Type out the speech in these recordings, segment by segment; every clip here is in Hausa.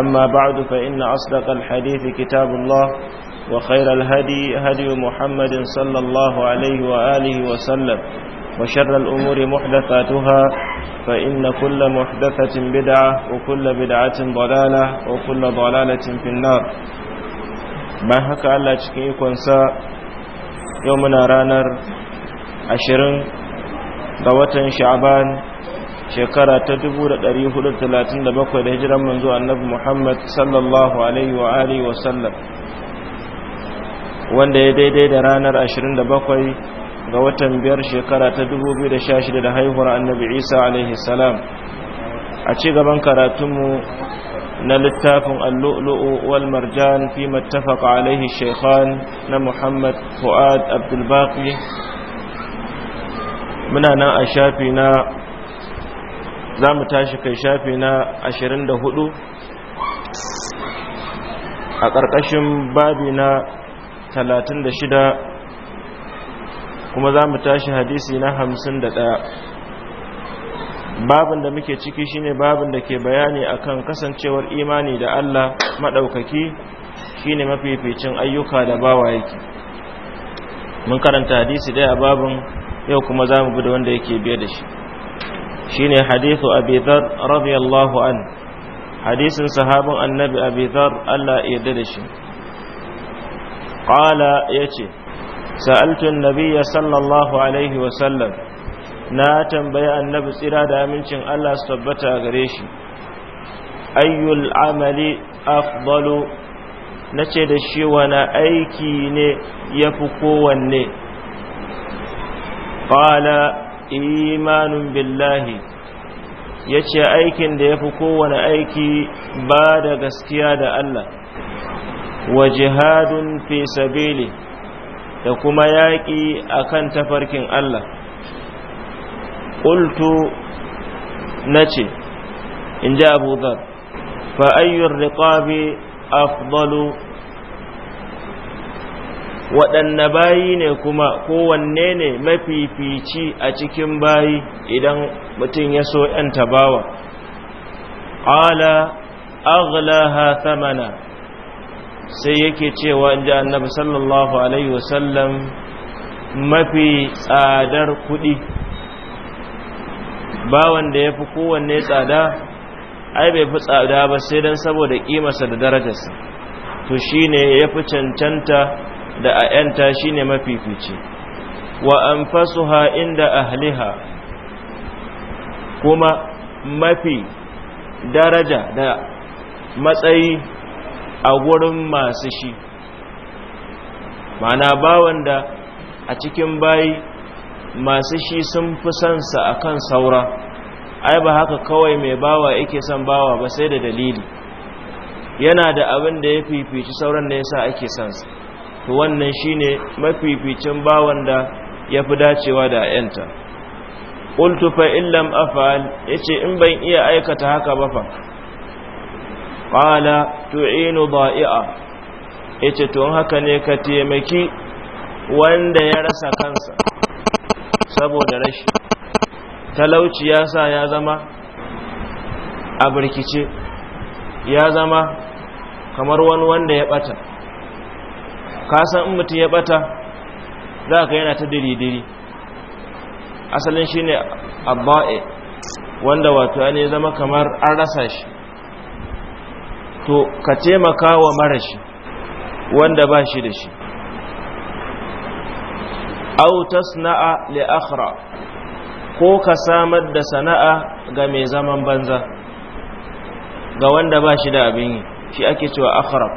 أما بعد فإن أصدق الحديث كتاب الله وخير الهدي هدي محمد صلى الله عليه وآله وسلم وشر الأمور محدثاتها فإن كل محدثة بدعة وكل بدعة ضلالة وكل ضلالة في النار ما هكا الله تشكيكم سا يومنا رانر عشرين دوة شعبان shekara ta 437 da hijiran manzo annabi Muhammad sallallahu alaihi wa alihi wa sallam wanda ya daidai da ranar 27 ga watan biyar shekara ta 2016 da haihuwar annabi Isa alaihi salam a ci gaban karatunmu na littafin al-lu'lu'u wal marjan fi mattafaqa alaihi shaykhan na Muhammad Fuad Abdul Baqi muna nan a shafi na za mu tashi kai shafi na 24 a ƙarƙashin babi na 36 kuma za mu tashi hadisi na 51 babin da muke ciki shine babin da ke bayani akan kasancewar imani da Allah maɗaukaki shine mafificin ayyuka da bawa yake mun karanta hadisi ɗaya a babin yau kuma za mu bi da wanda yake biye da shi shine hadithu abi dhar radiyallahu an hadisin sahabin annabi abi dhar Allah ya yarda da shi qala yace sa'altu an-nabiyya sallallahu alaihi wa sallam na tambayi annabi tsira da amincin Allah su tabbata gare shi ayyul amali afdalu nace da shi wani aiki ne yafi kowanne qala imanun billahi ya ce aikin da ya fi kowane aiki ba da gaskiya da Allah wa jihadun fi sabili da kuma yaƙi akan tafarkin Allah ƙultu na ce in ji abu zar fa'ayyar riƙabi afdalu waɗanne bayi ne kuma kowanne ne mafifici a cikin bayi idan mutum ya so ‘yan tabawa ƙala aghlaha thamana sai yake cewa in ji annabi sallallahu alaihi wasallam mafi tsadar kuɗi bawan da ya fi kowanne tsada ai bai fi tsada ba sai don saboda ƙimarsa da darajarsa to ne ya fi cancanta da a ‘yanta shi ne mafifici wa an fasuha inda ahliha kuma mafi daraja da matsayi a wurin masu shi mana bawan da a cikin bayi masu shi sun fi sansa a kan saura ai ba haka kawai mai bawa yake son bawa ba sai da dalili yana da abin da ya fifici sauran da ya sa ake sansa to wannan shine mafificin bawan da ya fi dacewa da ayanta qultu fa illam afal yace in ban iya aikata haka ba fa qala tu'inu da'i'a yace to haka ne ka taimaki wanda ya rasa kansa saboda rashi talauci ya sa ya zama a birkice ya zama kamar wani wanda ya ɓata. ka san in mutum ya bata za ka yana ta diri-diri asalin shi ne abba'e wanda wato ne zama kamar an rasa shi to ka taimaka wa mara shi wanda ba shi da shi au tasna'a li ko ka samar da sana'a ga mai zaman banza ga wanda ba shi da abin yi shi ake cewa akhraq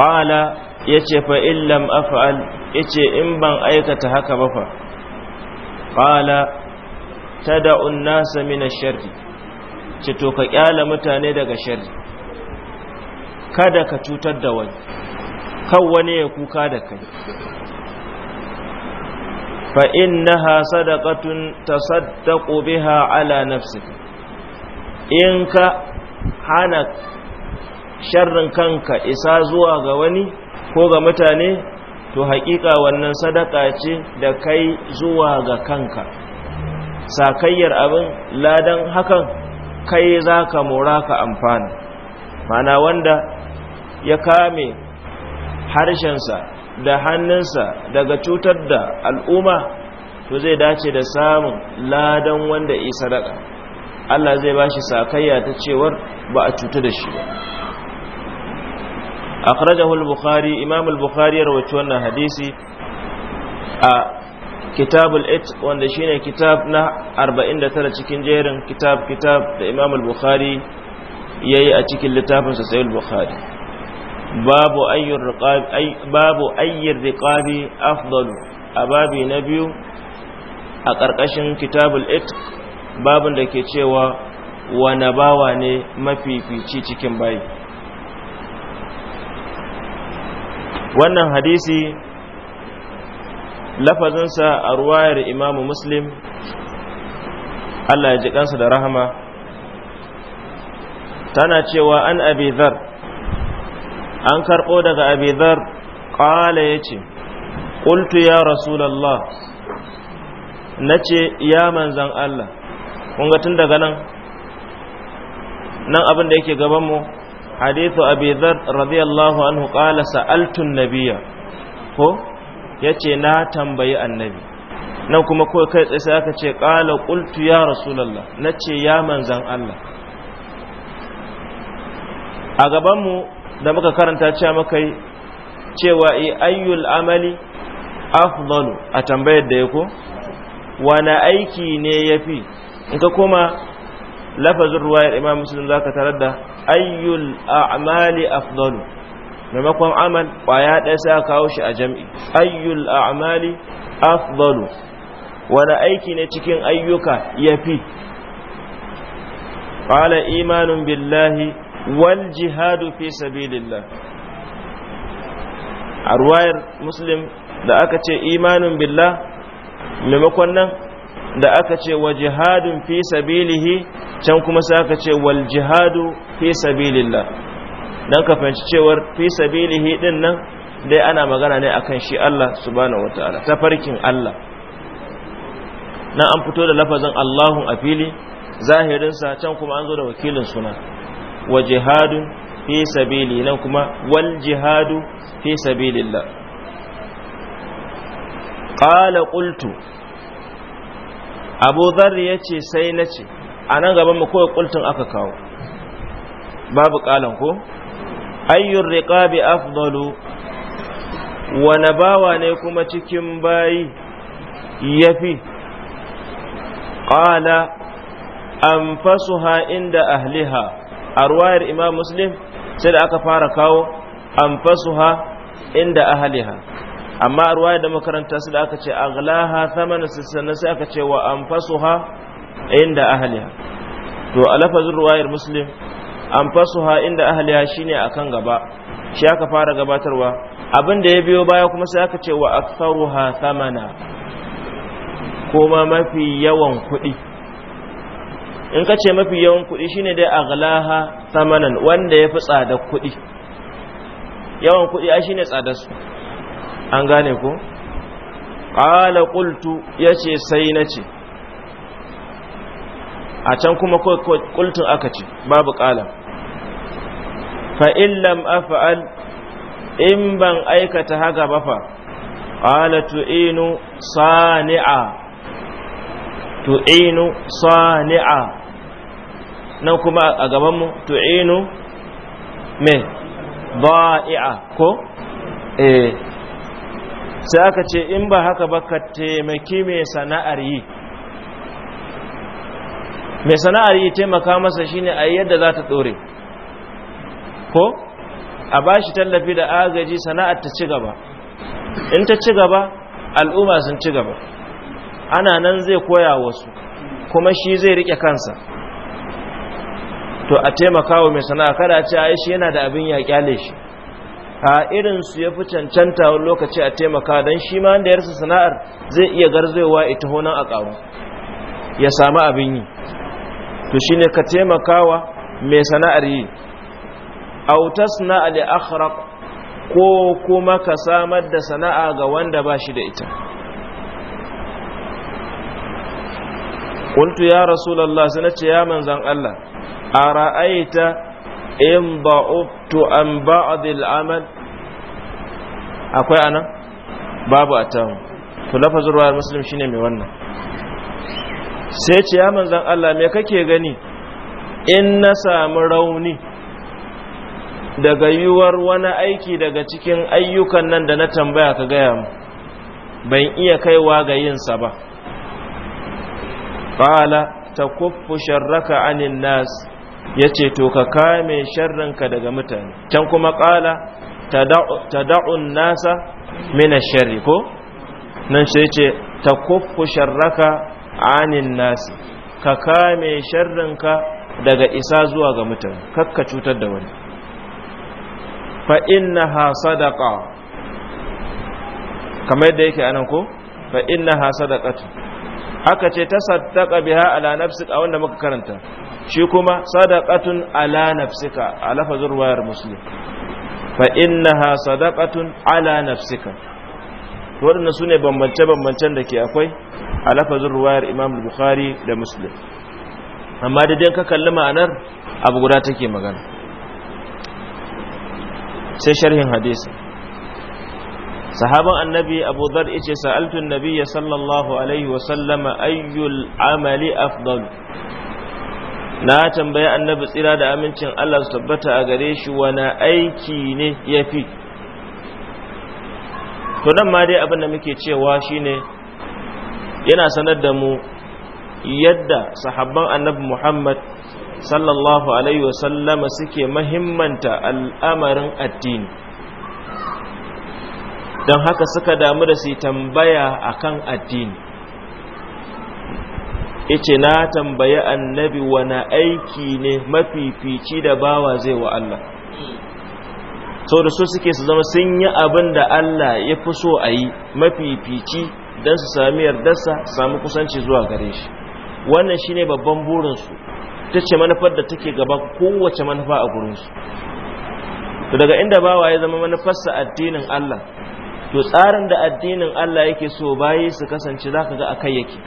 qala yace fa in af'al yace in ban aikata haka ba fa qala tad'u an-nasa min ash-sharri ce to ka kyala mutane daga sharri kada ka cutar da wani kan wani ya kuka da kai fa innaha sadaqatun tasaddaqu biha ala nafsika in ka hana sharrin kanka isa zuwa ga wani ko ga mutane to haƙiƙa wannan sadaka ce da kai zuwa ga kanka sakayyar abin ladan hakan kai za ka mora ka amfana mana wanda ya kame harshensa da hannunsa daga cutar da al'umma to zai dace da samun ladan wanda isa sadaka Allah zai ba shi sakayya ta cewar ba a cuta da shi ba akhrajahu al-bukhari imam al-bukhari ya rawaito wannan hadisi a kitabul it wanda shine kitab na 49 cikin jerin kitab kitab da imam al-bukhari yayi a cikin littafin sa sahih al-bukhari babu ayyur riqab ay babu afdalu ababi na biyu a karkashin kitabul it babin da ke cewa wa nabawa ne mafifici cikin bayi wannan hadisi lafazinsa a ruwayar imamu muslim Allah ya ji kansa da rahama tana cewa an abizar an karɓo daga abizar ƙala ya ce ƙultu ya rasulallah na ce ya manzan Allah kun tun daga nan nan abin da yake gabanmu hadithu abi dhar radiyallahu anhu kala sa'altun an-nabiyya ko yace na tambayi annabi nan kuma ko kai tsaye sai aka ce qala qultu ya rasulullah nace ya manzan Allah a gaban mu da muka karanta cewa makai cewa ayyul amali afdalu a tambayar da yako wane aiki ne yafi in ka koma lafazin ruwayar imam muslim za ka tarar da ayyul a'mali afdalu maimakon amal kwaya ɗaya sai kawo shi a jam'i ayyul a'mali afdalu wani aiki ne cikin ayyuka ya fi qala imanun billahi wal jihadu fi sabilillah a ruwayar muslim da aka ce imanun billah maimakon nan da aka ce wa jihadun fi sabilihi can kuma sai aka ce wal jihadu fi sabilillah dan ka fahimci cewar fi sabilihi din nan dai ana magana ne akan shi Allah subhanahu wataala ta farkin Allah Na an fito da lafazin Allahun a fili zahirin sa can kuma an zo da wakilin suna wa jihadun fi sabili nan kuma wal jihadu fi sabilillah qala qultu abu zarri ya ce sai na ce a nan gaban mu kawai kultun aka kawo babu kalan ko ayyun Rikabi afdalu wane bawa ne kuma cikin bayi ya fi ƙala an fasuha inda ahliha a ruwayar imam muslim sai da aka fara kawo an inda ahliha amma ruwaya da makaranta su da aka ce aglaha thamana sannan sai aka ce wa anfasuha inda ahliha to a lafazin ruwayar muslim anfasuha inda ahliha shine akan gaba shi aka fara gabatarwa abin da ya biyo baya kuma sai aka ce wa aktharuha thamana kuma mafi yawan kuɗi in ka ce mafi yawan kuɗi shine dai aglaha thamanan wanda ya fi tsada kuɗi yawan kuɗi ai shine tsadar su an gane ko qala qultu yace sai nace a can kuma qultun aka ce babu qala fa in lam af'al in ban aikata haka ba fa qala tu'inu sani'a tu'inu sani'a nan kuma a gaban mu tu'inu me ba'i'a ko eh sai aka ce in ba haka ba ka taimaki mai sana'ar yi mai sana'ar yi taimaka masa shine a yi yadda za ta tsore ko a ba shi tallafi da agaji sana'ar ta ci gaba in ta ci gaba al'umma sun ci gaba ana nan zai koya wasu kuma shi zai rike kansa to a taimaka wa mai sana'a kada a ce a yi shi yana da abin ya kyale shi a irin su ya fi cancanta wani lokaci a taimaka don shi ma da yarsa sana'ar zai iya garzewa ita honan a ƙaru ya sami abin yi to shi ne ka taimakawa mai sana'ar yi autas na ali akhraq ko kuma ka samar da sana'a ga wanda ba shi da ita kuntu ya rasulallah sai na ce ya manzan Allah a ra'ayita in ba'ub to an ba'adil amal akwai anan babu a tamu to lafazin ruwa shi shine mai wannan sai ce ya manzan Allah me kake gani in na sami rauni daga yiwuwar wani aiki daga cikin ayyukan nan da na tambaya ka gaya mu ban iya kaiwa ga yinsa ba ƙala ta kuffu raka anin nas ya ce to ka kame sharrinka daga mutane can kuma ƙala ta da'un nasa mina sharri ko nan sai ce ta kuffu sharraka anin nasi ka kame sharrinka daga isa zuwa ga mutane kakka cutar da wani fa innaha sadaqa kamar yadda yake anan ko fa innaha sadaqatu aka ce ta tasaddaqa biha ala nafsika a wanda muka karanta shi kuma sadaqatun ala nafsika a lafazin wayar muslim fa innaha sadaqatun ala nafsika wadannan sune bambance bambancen da ke akwai a lafazin wayar imam bukhari da muslim amma da dan ka kalli ma'anar abu guda take magana sai sharhin hadisi sahaban annabi abu dhar sa'altun nabi ya sallallahu alaihi wa sallama ayyul amali afdal na tambayi annabi tsira da amincin Allah su tabbata a gare shi wani aiki ne ya fi. to nan ma dai abin da muke cewa shine yana sanar da mu yadda sahabban annabi Muhammad sallallahu alaihi wa sallama suke mahimmanta al'amarin addini don haka suka damu da su tambaya a kan addini ice na tambayi annabi wani aiki ne mafifici da bawa zai wa Allah sau da su suke su zama sun yi abin da Allah ya fi so a yi mafifici don su sami yardarsa sami kusanci zuwa gare shi wannan shine babban burinsu ta ce manufar da take gaba kowace manufa a gurinsu daga inda bawa ya zama manufarsa addinin Allah to tsarin da addinin Allah yake so bayi su kasance za zaka ga a kai yake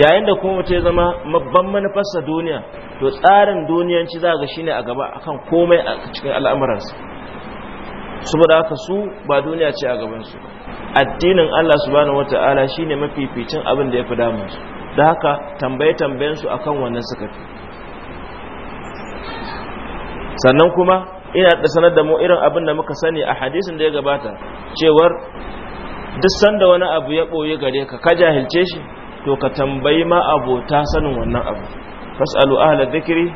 yayin da kuma mutum ya zama babban manufarsa duniya to tsarin duniyanci za ga shine a gaba akan komai a cikin al'amuransa saboda haka su ba duniya ce a gabansu addinin Allah subhanahu wata'ala shine mafificin abin da ya fi damun su da haka tambaye tambayen su akan wannan suka fi sannan kuma ina da sanar da mu irin abin da muka sani a hadisin da ya gabata cewar duk sanda wani abu ya boye gare ka ka jahilce shi to ka tambayi ma abota sanin wannan abu fasalu ahla dhikri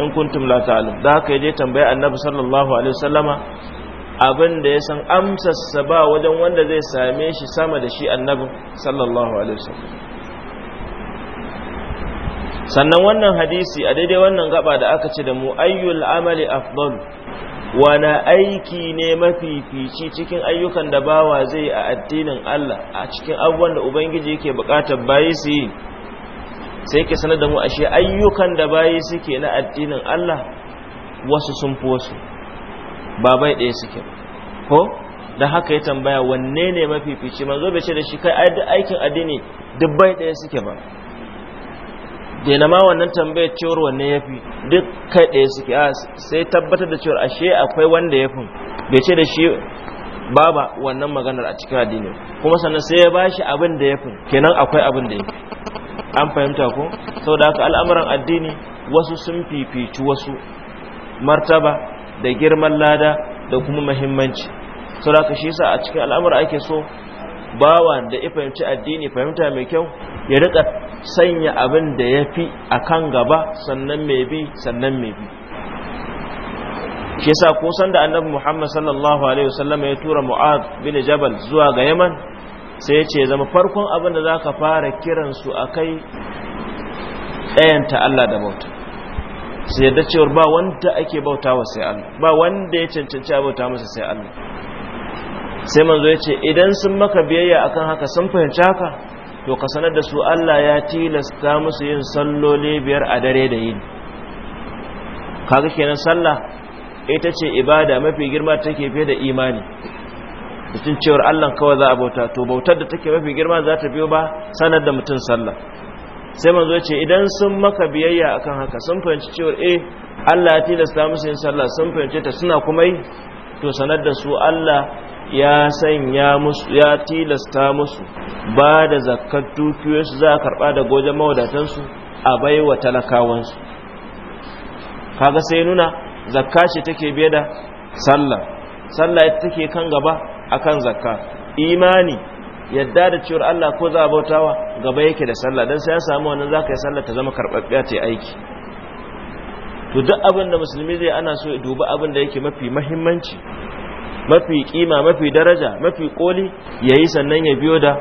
in kuntum la ta'lam da haka yaje tambaya annabi sallallahu alaihi wasallama abin da ya san amsarsa ba wajen wanda zai same shi sama da shi annabin sallallahu alaihi wasallam sannan wannan hadisi a daidai wannan gaba da aka ce da mu ayyul amali afdal wana aiki ne mafifici cikin ayyukan da bawa zai a addinin Allah a cikin abubuwan da ubangiji yake bukatar bayi su yi sai ke sanar da mu ashe ayyukan da bayi suke na addinin Allah wasu sun fi wasu ba bai ɗaya suke ko da haka ya tambaya wanne ne mafifici manzo bai ce da shi kai aikin addini duk bai ɗaya suke ba daina ma wannan tambayar cewar wanne ya fi duk kai ɗaya suke a sai tabbatar da cewar ashe akwai wanda ya fi bai ce da shi baba wannan maganar a cikin addini kuma sannan sai ya bashi abin da ya fi kenan akwai abin da ya fi an fahimta ko da haka al'amuran addini wasu sun fifici wasu martaba da girman lada da kuma muhimmanci da haka shi sa a cikin al'amura ake so bawa da ya fahimci addini fahimta mai kyau ya rika sanya abin da ya fi a kan gaba sannan mai bi sannan mai bi shi sa kusan da annabi muhammad sallallahu alaihi wasallam ya tura mu'ad bin jabal zuwa ga yaman sai ya ce zama farkon abin da za ka fara kiransu a kai ɗayanta allah da bauta sai yadda cewar ba wanda ake bautawa sai allah ba wanda ya cancanci a bauta masa sai allah sai manzo ya ce idan sun maka biyayya akan haka sun fahimci haka to ka sanar da su Allah ya tilasta musu yin salloli biyar a dare da yini kaga kenan sallah ita ce ibada mafi girma take fiye da imani mutum cewar Allah kawai za a bauta to bautar da take mafi girma za ta biyo ba sanar da mutum sallah sai manzo ya ce idan sun maka biyayya akan haka sun fahimci cewar eh Allah ya tilasta musu yin sallah sun fahimce ta suna kuma yi to sanar da su Allah ya sanya musu ya tilasta musu ba da zakkar su za a karɓa daga wajen su a baiwa talakawansu kaga sai nuna zakka ce take biye da sallah sallah ita take kan gaba akan zakka imani yadda da cewar Allah ko za bautawa gaba yake da sallah dan sai ya samu wannan zaka yi sallah ta zama karbabbiya ta aiki to duk abin da musulmi zai ana so ya duba abin da yake mafi muhimmanci. mafi kima mafi daraja mafi koli yayi sannan ya biyo da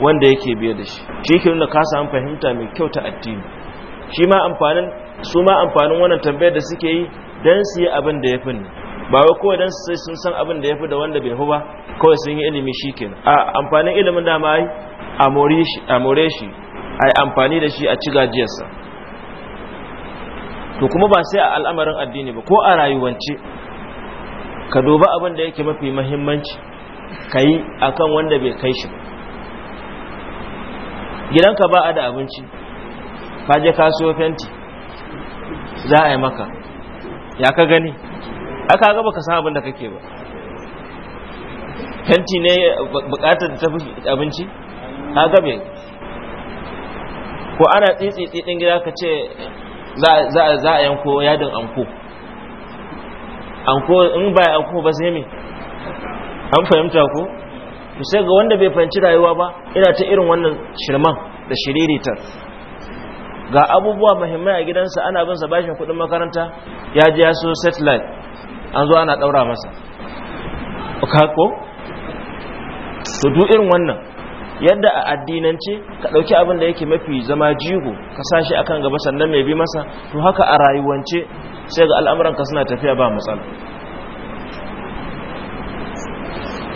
wanda yake biyo da shi shi ke nuna ka fahimta mai kyau ta addini shi ma amfanin su ma amfanin wannan tambayar da suke yi dan su yi abin da ya fi ne ba wai kawai dan sai sun san abin da ya fi da wanda bai hu ba kawai sun yi ilimi shi ke a amfanin ilimin da ma yi a more shi a yi amfani da shi a ci gajiyarsa to kuma ba sai a al'amarin addini ba ko a rayuwance ka duba abin da yake mafi mahimmanci ka yi a kan wanda bai kai shi gidanka ba a da abinci ka je kasuwa fenti za a yi maka ya ka gani aka gaba ka san abin da kake ba fenti ne bukatar da tafi abinci ka gabe ko ana tsitsi din gida ka ce za a yanko yadin anko an in ba ya ko ba sai me an fahimta ko sai ga wanda bai fahimci rayuwa ba ina ta irin wannan shirman da shiriritar ga abubuwa muhimmai a gidansa ana bin sa bashin kudin makaranta ya ji ya so satellite an zo ana ɗaura masa ka ko to duk irin wannan yadda a addinance ka ɗauki abin da yake mafi zama jigo ka sashi akan gaba sannan mai bi masa to haka a rayuwance sai ga al'amuranka suna tafiya ba matsala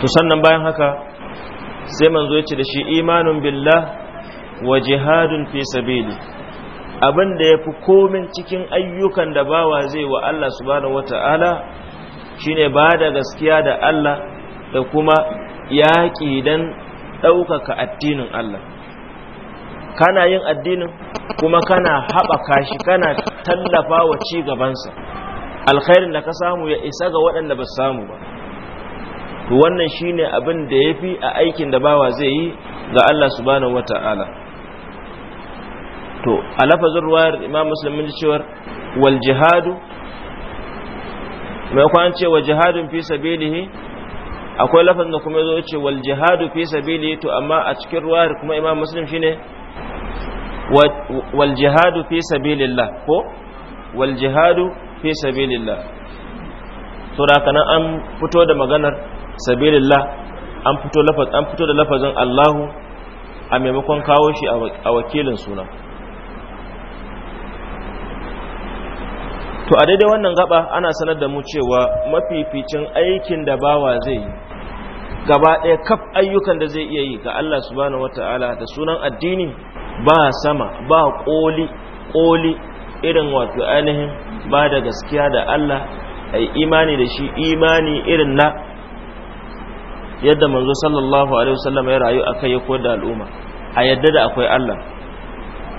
to sannan bayan haka sai manzo ya ce da shi imanun billah wa jihadun fi sabili abin da ya fi komin cikin ayyukan da bawa zai wa Allah subhanahu wata'ala shine ba da gaskiya da Allah da kuma yaƙi don ɗaukaka addinin Allah kana yin addinin kuma kana haɓaka shi kana tallafa wa ci gabansa alkhairin da ka samu ya isa ga waɗanda ba samu ba to wannan shine abin da ya fi a aikin da bawa zai yi ga Allah subhanahu wata'ala to a lafazin ruwayar imam muslim mun cewar wal jihadu mai kwan cewa jihadun fi sabilihi akwai lafazin da kuma zo ce wal jihadu fi sabilihi to amma a cikin ruwayar kuma imam muslim shine wal jihadu fi sabilillah ko wal jihadu fi sabilillah to da kana an fito da maganar sabilillah an fito lafaz an fito da lafazin Allahu a maimakon kawo shi a wakilin suna to a daidai wannan gaba ana sanar da mu cewa mafificin aikin da bawa zai yi gaba ɗaya kaf ayyukan da zai iya yi ga Allah subhanahu wata'ala da sunan addini ba sama ba koli koli irin wato ainihin ba da gaskiya da Allah ai imani da shi imani irin na yadda manzo sallallahu alaihi wasallam ya rayu akai ya koyar da al'umma a yadda da akwai Allah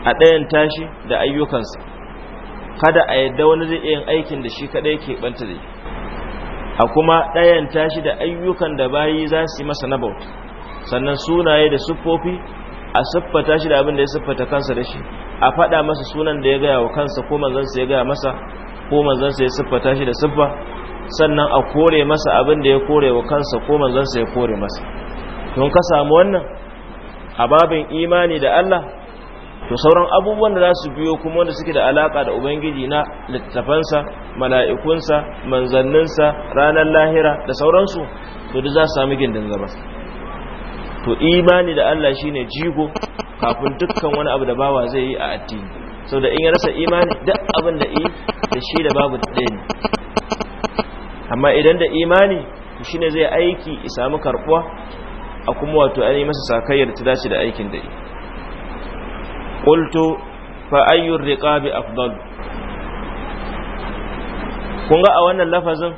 a ɗayan tashi da ayyukansa kada a yadda wani zai yin aikin da shi kadai ke banta da a kuma ɗayan tashi da ayyukan da bayi za su yi masa na bauta sannan sunaye da siffofi a siffata shi da abin da ya siffata kansa da shi a faɗa masa sunan da ya gaya wa kansa ko manzansa ya gaya masa ko manzansa ya siffata shi da siffa sannan a kore masa abin da ya kore wa kansa ko manzansa ya kore masa don ka samu wannan a babin imani da Allah to sauran abubuwan da za su biyo kuma wanda suke da alaka da ubangiji na littafansa mala'ikunsa manzanninsa ranar lahira da sauransu to duk za su sami gindin gabas to imani da Allah shi ne jigo kafin dukkan wani abu da bawa zai yi a addini sau da in ya rasa imani duk abin da yi da shi da babu ɗaya ne amma idan da imani shi ne zai aiki sami karɓuwa a kuma wato an yi masa sakayyar ta dace da aikin da yi ƙulto ayyun riƙa bi afdal kun ga a wannan lafazin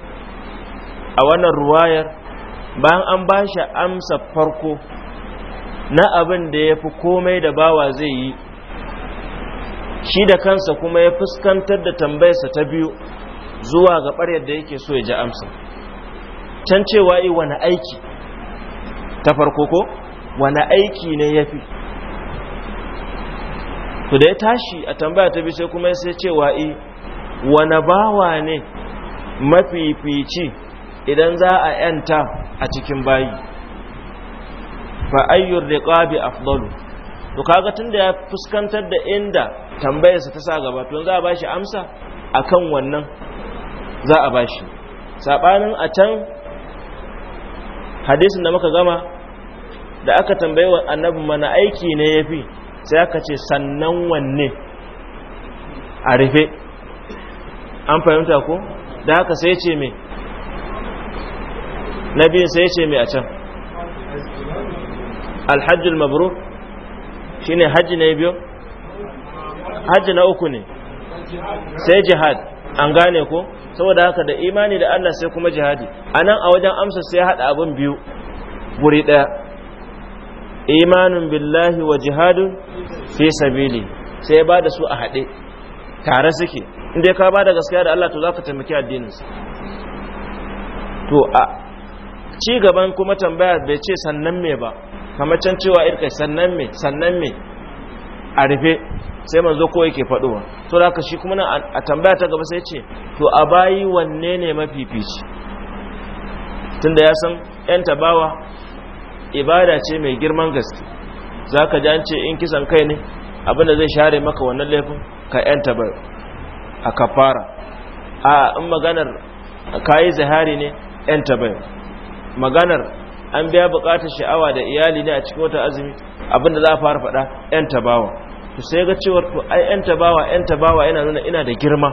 a wannan ruwayar bayan an ba shi amsa farko na abin da ya fi komai da bawa zai yi shi da kansa kuma ya fuskantar da tambayarsa ta biyu zuwa ga ɓaryar da yake so ya ji amsa can cewa yi wani aiki ta farko ko wani aiki ne ya fi Ku da ya tashi a tambaya ta biyu sai kuma ya sai cewa yi wani bawa ne mafifici idan za a yanta a cikin bayi fa ayyur riqabi afdalu to kaga tunda ya fuskantar da inda tambayarsa ta sa gaba to za a bashi amsa akan wannan za a bashi sabanin a can hadisin da muka gama da aka tambaye wa annabi mana aiki ne yafi sai aka ce sannan wanne a rufe an fahimta ko da haka sai ce me na biyun sai ce mai a can alhajjul mabru shi ne hajji na biyu hajji na uku ne sai jihad an gane ko saboda haka da imani da Allah sai kuma jihadi a nan a wajen amsa sai haɗa abin biyu guri ɗaya imanin billahi wa jihadun fi sabili sai ba da su a haɗe tare suke inda ka ba da gaskiya da Allah to za ka taimaki addininsa to a ci gaban kuma tambaya bai ce sannan me ba kamar can cewa irka sannan me sannan me a rufe sai manzo ko yake faduwa to da shi kuma nan a tambaya ta gaba sai ce to a bayi wanne ne mafifici tunda ya san yan tabawa ibada ce mai girman gaske zaka ji an ce in kisan kai ne abinda zai share maka wannan laifin ka yan tabar a kafara a in maganar kayi zahari ne yan tabar maganar an biya bukatar sha'awa da iyali ne a cikin wata azumi abinda za a fara faɗa 'yan tabawa to sai ga cewar to ai 'yan tabawa 'yan tabawa yana nuna ina da girma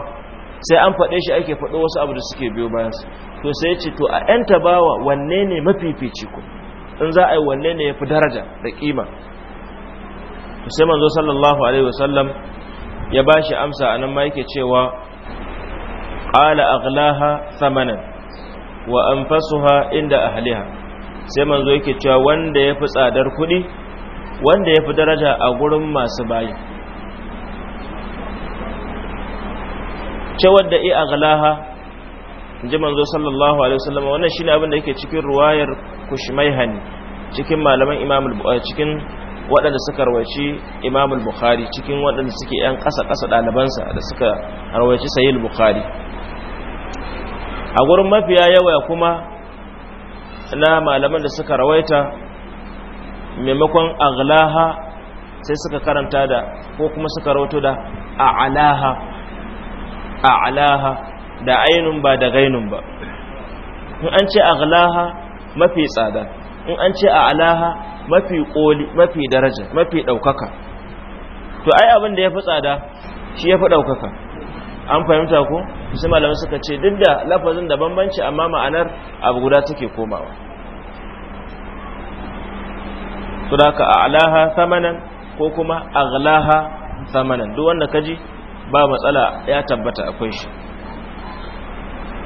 sai an faɗe shi ake faɗo wasu abu da suke biyo bayan su to sai ce to a 'yan tabawa wanne ne mafifici ku in za a yi wanne ne ya fi daraja da kima to sai manzo sallallahu alaihi wasallam ya bashi amsa anan ma yake cewa qala aghlaha thamanan wa anfasuha inda ahliha sai manzo yake cewa wanda yafi tsadar kudi wanda yafi daraja a gurin masu bayi cewar da i aghlaha inji manzo sallallahu alaihi wasallam wannan shine abin da yake cikin ruwayar kushmaihani cikin malaman imam eh, cikin waɗanda suka rawaci imam al-bukhari cikin waɗanda suke yan ƙasa-ƙasa ɗalibansa da suka rawaci Sayyid al-bukhari a gurin mafiya yawa kuma na malaman da suka rawaita maimakon aglaha sai suka karanta da ko kuma suka rawato da a'alaha a'alaha da ainun ba da gainun ba in an ce aglaha mafi tsada in an ce a'alaha mafi koli mafi daraja mafi daukaka to ai abin da ya fi tsada shi ya fi daukaka an fahimta ko sai malamai suka ce duk da lafazin da bambanci amma ma'anar abu guda take komawa su da ka a'laha samanan ko kuma aghlaha samanan duk wanda kaji ba matsala ya tabbata akwai shi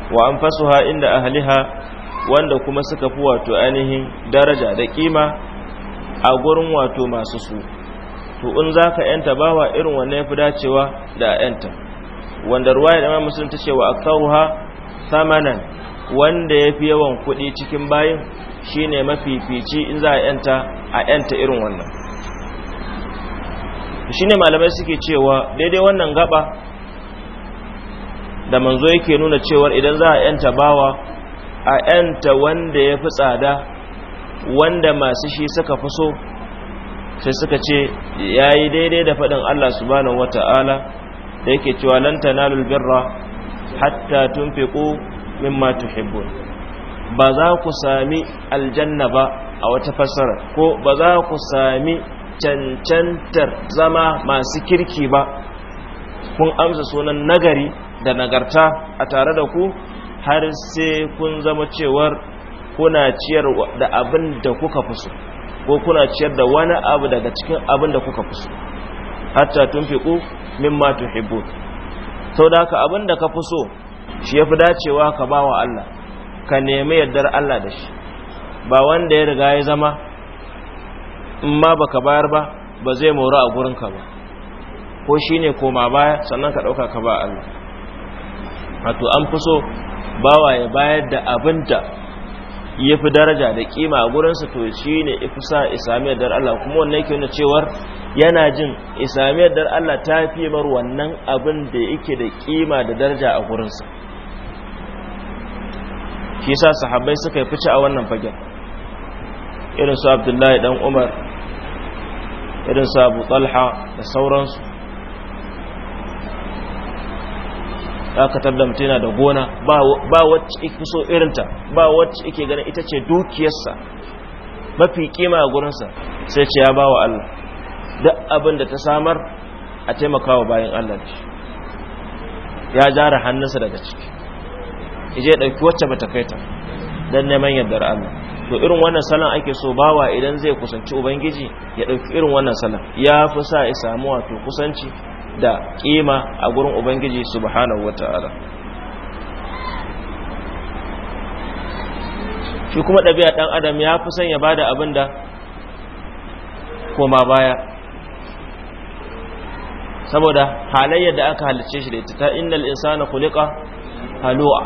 wa anfasuha inda ahliha wanda kuma suka fi wato ainihin daraja da kima a gurin wato masu su to in zaka yanta bawa irin wannan fi dacewa da yanta wanda ruwaya da musulun ta ce wa aktaruha samanan wanda ya fi yawan kuɗi cikin bayin shine mafifici in za a yanta a yanta irin wannan shine malamai suke cewa daidai wannan gaba da manzo yake nuna cewar idan za a yanta bawa a yanta wanda ya fi tsada wanda masu shi suka fi so sai suka ce ya yi daidai da faɗin Allah subhanahu wata'ala da yake cewa lan tanalul birra hatta tunfiqu mimma tuhibbun ba za ku sami aljanna ba a wata fassara ko ba za ku sami cancantar zama masu kirki ba kun amsa sunan nagari da nagarta a tare da ku har sai kun zama cewar kuna ciyar da abin da kuka fi ko kuna ciyar da wani abu daga cikin abin da kuka fi hatta tunfiqu mimma tuhibbu sau da abin da ka fi so shi yafi dacewa ka bawa Allah ka nemi yardar Allah da shi ba wanda ya riga ya zama in ma baka bayar ba ba zai mora a gurin ka ba ko shi koma baya sannan ka ɗauka ka ba Allah wato an fi so bawa ya bayar da abin ya fi daraja da kima a gurinsa to shi ne ifisa isamiyar dar Allah kuma wannan yake wani cewar yana jin isamiyar dar Allah ta fi mar wannan abin da yake da kima da daraja a gurinsa ke sa sahabbai suka yi fice a wannan fagen irin su abdullahi dan umar irin su abu talha da sauransu aka tarda yana da gona ba wacce ake so irinta ba wacce ake gani ita ce dukiyarsa mafi kima a gurinsa sai ce ya ba Allah duk abin da ta samar a taimakawa wa bayan Allah da ya jara hannunsa daga ciki ije ɗauki wacce ba ta kai ta don neman yardar Allah to irin wannan salon ake so bawa idan zai kusanci ubangiji ya ɗauki irin wannan salon ya fi sa ya samu wato kusanci da kima a gurin ubangiji subhanahu wataala shi kuma ɗabi'a ɗan adam ya fi son ya bada abin da koma baya saboda halayyar da aka halice shi da ita ta innal insana khuliqa halu'a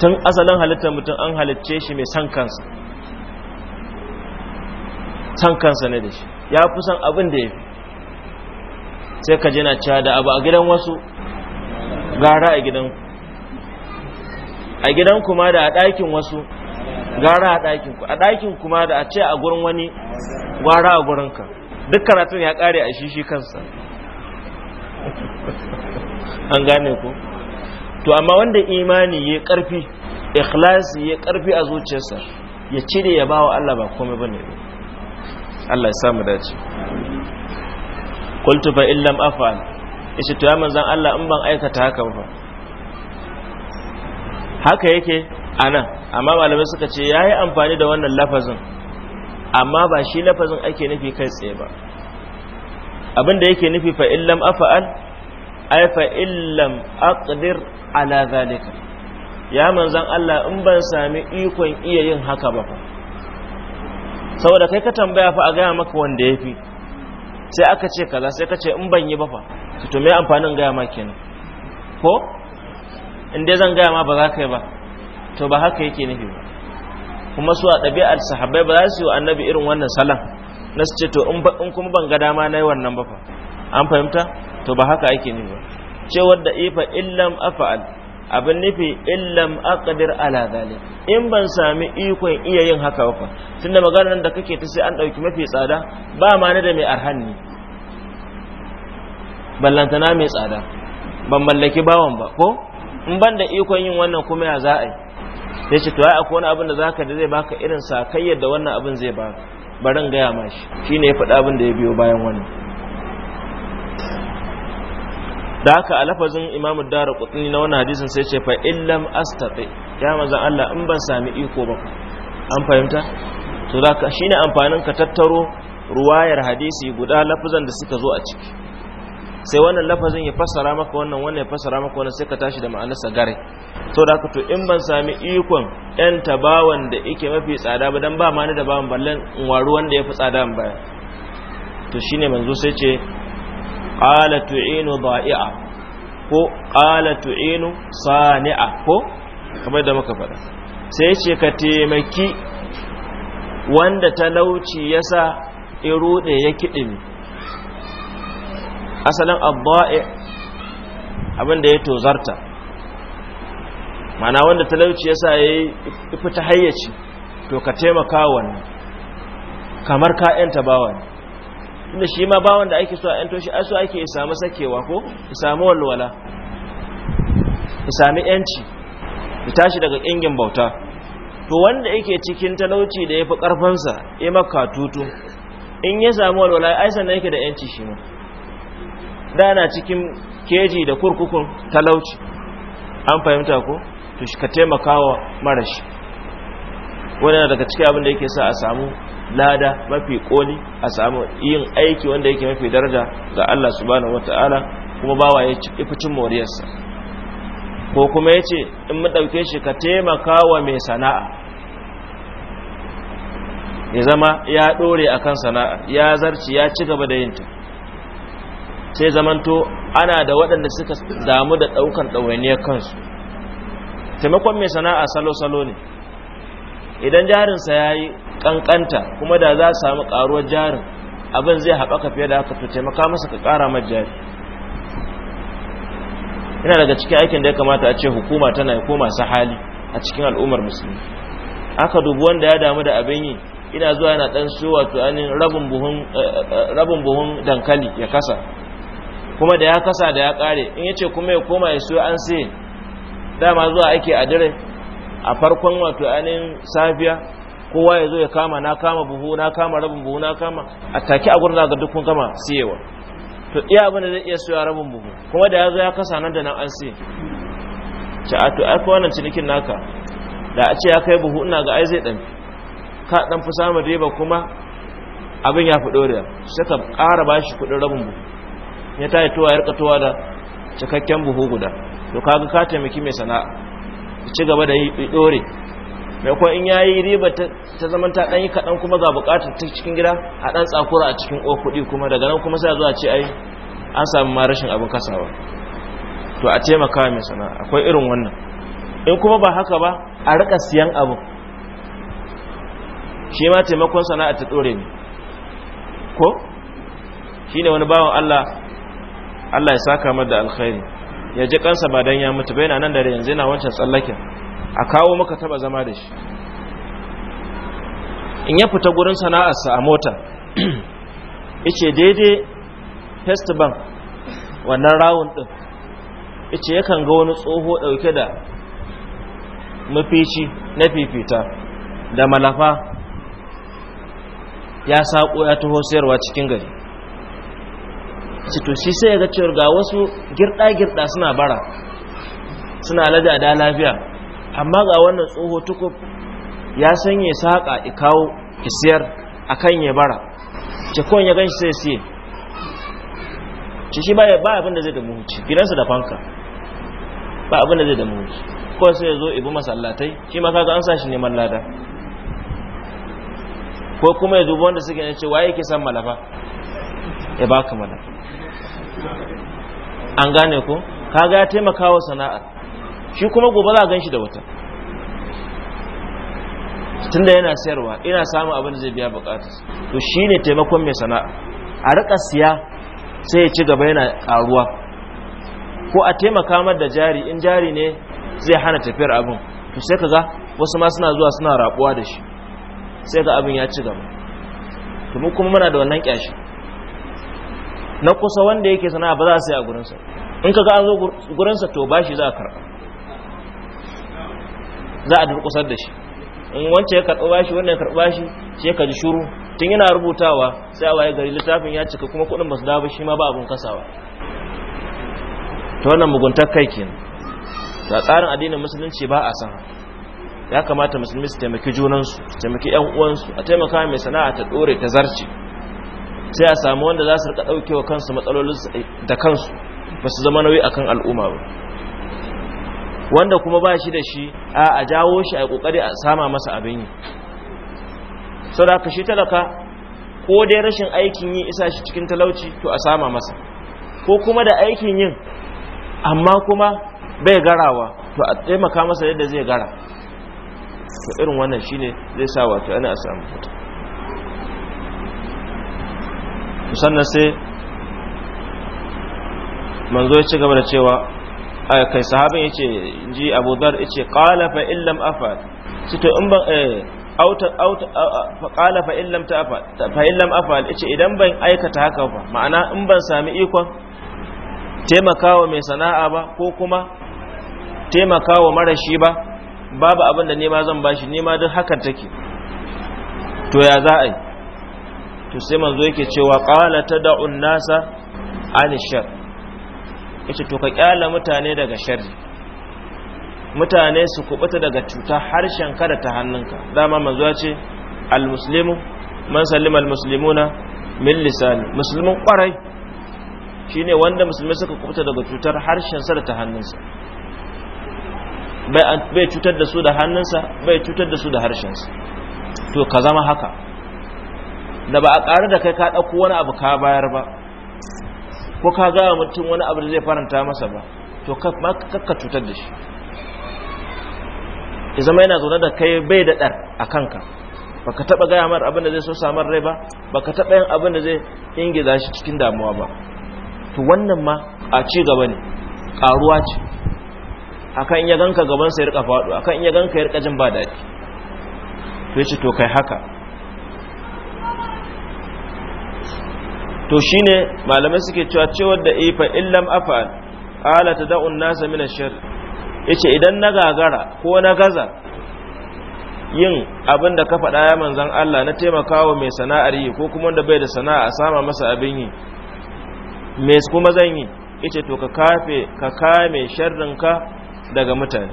tun asalin halittar mutum an halicce shi mai san kansa san kansa ne da shi ya fi son abin da ya fi sai ka jina cewa da abu a gidan wasu gara a gidan a gidan kuma da a ɗakin wasu gara a ɗakin ku a ɗakin kuma da a ce a gurin wani gara a gurin ka duk karatun ya ƙare a shishi kansa an gane ku to amma wanda imani ya ƙarfi ikhlasi ya ƙarfi a zuciyarsa ya cire ya bawa Allah ba komai bane Allah ya samu dace kultu fa illam af'al yace to ya manzan Allah in ban aikata haka ba haka yake anan amma malamai suka ce yayi amfani da wannan lafazin amma ba shi lafazin ake nufi kai tsaye ba abinda yake nufi fa illam af'al ay fa illam aqdir ala zalika ya manzan Allah in ban sami ikon iya yin haka ba fa saboda kai ka tambaya fa a gaya maka wanda yafi sai aka ce kaza sai ka ce in ban yi ba fa to me amfanin gaya ma kenan ko in dai zan gaya ma ba za ka yi ba to ba haka yake nufi ba kuma su a ɗabi'ar sahabbai ba za su yi wa annabi irin wannan salan na su ce to in kuma ban ga dama na yi wannan ba fa an fahimta to ba haka ake nufi ba ce wadda ifa illam afa'al abin nufi illam aqdir ala zalik in ban sami ikon iya yin haka ba tunda maganar da kake ta sai an dauki mafi tsada ba ma ne da mai arhanni ballantana mai tsada ban mallaki bawan ba ko in ban da ikon yin wannan kuma ya za a yi sai ce to ai akwai wani abin da zaka da zai baka irin sakayyar da wannan abin zai baka barin gaya mashi shine ya faɗa abin da ya biyo bayan wannan da haka a lafazin imamu dara kutni na wani hadisin sai ce fa illam astati ya maza Allah in ban sami iko ba an fahimta to da ka shine amfanin ka tattaro ruwayar hadisi guda lafazan da suka zo a ciki sai wannan lafazin ya fassara maka wannan wannan ya fassara maka wannan sai ka tashi da ma'anarsa gare to da ka to in ban sami ikon yan tabawan da yake mafi tsada ba dan ba ma ni da bawan ballan in waru wanda ya fi tsada in baya to shine manzo sai ce qala tu'inu da'i'a ko qala tu'inu sani'a ko kamar da muka faɗa sai ce ka taimaki wanda talauci yasa irude ya kidimi asalin abba'i abin da ya tozarta mana wanda talauci yasa yayi fita hayyaci to ka taimaka wani, kamar ka ba wani. tunda shi ma ba da ake so a yanto shi aso ake samu sakewa ko samu walwala sami yanci ya tashi daga ƙingin bauta to wanda yake cikin talauci da ya fi ƙarfansa ya maka tutu in ya samu walwala ai na yake da yanci shi ma da na cikin keji da kurkukun talauci an fahimta ko to shi ka taimakawa marashi Wani yana daga cikin abin da yake sa a samu lada mafi koli a samu yin aiki wanda yake mafi daraja ga Allah subhanahu wataala kuma bawa ya ci cin moriyarsa ko kuma ya ce in mu ɗauke shi ka taimaka wa mai sana'a ya zama ya ɗore a kan sana'a ya zarci ya ci gaba da yinta sai zamanto ana da waɗanda suka damu da ɗaukan ɗawainiyar kansu taimakon mai sana'a salo-salo ne idan jarinsa ya yi kankanta kuma da za samu karuwar jarin abin zai haɓaka fiye da haka to taimaka masa ka ƙara mai jari yana daga cikin aikin da ya kamata a ce hukuma tana yi koma masu hali a cikin al'ummar musulmi aka dubu wanda ya damu da abin yi ina zuwa yana ɗan siyo wato ainihin eh, rabin buhun dankali ya kasa kuma da ya kasa da ya ƙare in ya ce kuma ya koma ya siyo an sai dama zuwa ake a dire a farkon wato ainihin safiya kowa ya zo ya kama na kama buhu na kama rabin buhu na kama a take a gurin zaga dukkan kama siyewa to iya abin da zai iya siya rabin buhu kuma da ya zo ya kasa nan da nan an siye ce a to aka wannan cinikin naka da a ce ya kai buhu ina ga ai zai dan ka dan fi samun riba kuma abin ya fi ɗoriya sai ka ƙara ba shi kuɗin rabin buhu ya ta yi tuwa ya rika tuwa da cikakken buhu guda to kaga ka taimaki mai sana'a ci gaba da yi dore mai kuwa in yayi riba ta zaman ta ɗanyi kaɗan kuma ga buƙatar ta cikin gida a ɗan tsakura a cikin o kuɗi kuma daga nan kuma sai zuwa ce ai an samu ma rashin abin kasawa to a taimaka mai sana'a akwai irin wannan in kuma ba haka ba a riƙa siyan abin shi ma taimakon sana'a ta ɗore ne ko shi ne wani bawan allah allah ya saka mada alkhairi ya ji kansa ba dan ya mutu ba yana nan da yanzu yana wancan tsallaken a kawo maka taba zama da shi in ya fita gurin sana'arsa a mota yace daidai first bank wannan rawun din yace yakan ga wani tsoho dauke da mafici na fifita da malafa ya saƙo ya taho sayarwa cikin gari cito shi sai ya ga cewar ga wasu girɗa-girɗa suna bara suna lada da lafiya amma ga wannan tsoho tukub ya sanya saƙa ikawo isiyar a kan ya bara cikon ya ganshi sai siye ci shi ba abin da zai da muhuci gidansa da fanka ba abin da zai da muhuci kawai sai ya zo ibi masallatai shi ma kaga an sa shi neman lada ko kuma ya dubu wanda suke ne ce waye ke san malafa ya baka malafa an gane ko kaga ya taimaka wa sana'ar shi kuma gobe za a gan shi da wata tunda yana sayarwa ina samun abin da zai biya bukatar to shi ne taimakon mai sana'a a rika siya sai ya ci gaba yana karuwa ko a taimaka mar da jari in jari ne zai hana tafiyar abin to sai kaga wasu ma suna zuwa suna rabuwa da shi sai ga abin ya ci gaba to kuma muna da wannan kyashi na kusa wanda yake sana'a ba za a sai a gurinsa in ka ga an zo gurinsa to ba shi za a karɓa za a durƙusar da shi in wance ya karɓa bashi wanda ya karɓa bashi shi ya kaji shuru tun yana rubutawa sai a waye gari littafin ya cika kuma kuɗin basu su dawo shi ma ba abun kasawa ta wannan muguntar kai kenan ta tsarin addinin musulunci ba a san ya kamata musulmi su taimaki junansu su taimaki yan uwansu a taimaka mai sana'a ta dore ta zarce sai a samu wanda za su rika dauke wa kansu matsalolin da kansu ba su zama nauyi akan al'umma ba wanda kuma ba shi da shi a a jawo shi a kokari a sama masa abin yi saboda ka shi talaka ko dai rashin aikin yi isa shi cikin talauci to a sama masa ko kuma da aikin yin amma kuma bai garawa to a taimaka masa yadda zai gara to irin wannan shine zai sa wato ana samu fita sannan sai manzo ya ci gaba da cewa kai sahabin ce ji Abu Dhar ce, qala fa illam su to in ban eh, auta fa illam afa ya ce idan ban aikata haka ba ma'ana in ban sami ikon taimakawa mai sana'a ba ko kuma taimakawa marashi ba babu abin da nema zan bashi nema duk hakan take to ya za a yi to sai manzo yake cewa qala tad'un nasa an shar yace to ka kyala mutane daga sharri mutane su kubuta daga cuta harshen da ta hannunka dama manzo ya ce muslimu man sallima muslimuna min lisani musulmin kwarai shine wanda musulmai suka kubuta daga cutar harshen sa da ta hannunsa bai cutar da su da hannunsa bai cutar da su da harshensa to ka zama haka da ba a ƙari da kai ka ɗauko wani abu ka bayar ba ko ka gaya mutum wani abu da zai faranta masa ba to kakka cutar da shi ya zama yana zaune da kai bai da ɗar a kanka ba ka taɓa gaya mara abin da zai so samar rai ba ba ka taɓa yin abin da zai ingiza shi cikin damuwa ba to wannan ma a ci gaba ne ƙaruwa ce akan iya ganka gabansa ya rika faɗo akan iya ganka ya rika jin ba daɗi to ya ce to kai haka to shine malamai suke cewa cewar da ifa eh, illam ala ta da'un nasa min shir. yace idan na gagara ko na gaza yin abin da ka faɗa ya manzan Allah na taimakawa mai sana'ar yi ko kuma wanda bai da sana'a a sama masa abin yi me kuma zan yi yace to ka kafe ka kame sharrinka daga mutane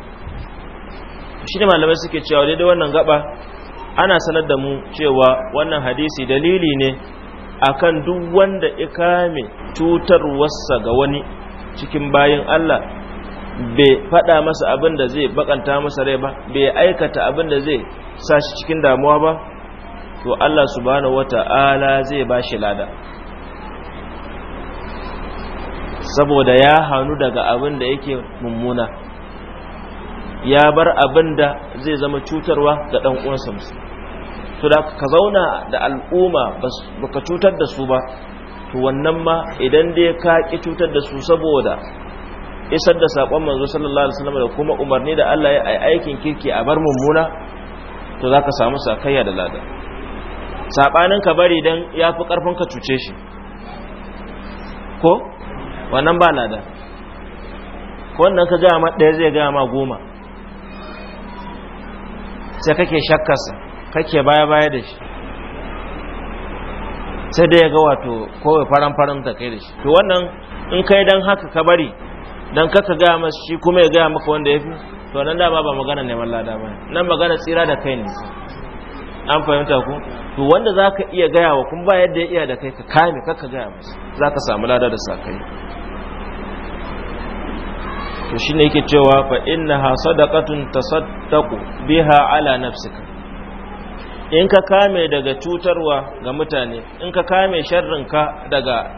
shi malamai suke cewa daidai wannan gaba ana sanar da mu cewa wannan hadisi dalili ne akan duk wanda ya kame cutarwarsa ga wani cikin bayin Allah bai faɗa masa abin da zai bakanta masa rai ba bai aikata abin da zai shi cikin damuwa ba to Allah subhanahu wata'ala zai ba shi lada saboda ya hannu daga abin da yake mummuna ya bar abin da zai zama cutarwa ga ɗan uwansa musulmi to da ka zauna da al'umma baka cutar da su ba to wannan ma idan dai ka ki cutar da su saboda isar da saƙon manzo sallallahu alaihi wasallam da kuma umarni da Allah ya yi aikin kirki a bar mummuna to za ka samu sakayya da lada sabanin ka bari dan fi karfin ka cuce shi ko wannan ba lada wannan ka ga ma ɗaya zai ga ma goma sai kake shakkarsa kake baya-baya da shi sai da ya ga wato kowai faran-faran ta kai da shi to wannan in kai don haka ka bari don kaka gaya masu shi kuma ya gaya maka wanda ya fi to nan dama ba magana neman lada ba nan magana tsira da kai ne an fahimta ku to wanda za ka iya gaya wa kuma ba yadda ya iya da kai ka kame kaka gaya masu za samu lada da sakai to shine yake cewa fa innaha sadaqatun tasaddaqu biha ala nafsika in ka kame daga cutarwa ga mutane in ka kame sharrinka daga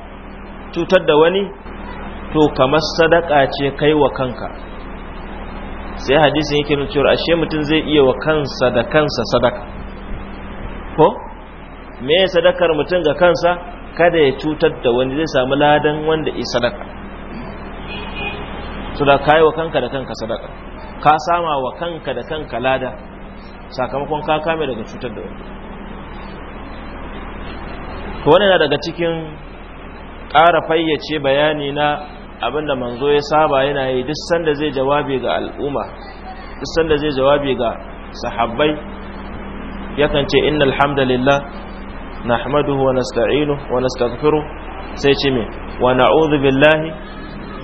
cutar da wani to kamar sadaka ce kai wa kanka sai hadisin yake nuna cewa ashe mutum zai iya wa kansa da kansa sadaka ko me sadakar mutum ga kansa kada ya cutar da wani zai samu ladan wanda yi sadaka to da kai wa kanka da kanka sadaka ka sama wa kanka da kanka lada sakamakon ka kame daga cutar da wani to wannan daga cikin ƙara fayyace bayani na abinda manzo ya saba yana yi duk sanda zai jawabi ga al'umma duk sanda zai jawabi ga sahabbai yakan ce innal hamdalillah nahmaduhu wa nasta'inuhu wa nastaghfiruh sai ce me wa na'udhu billahi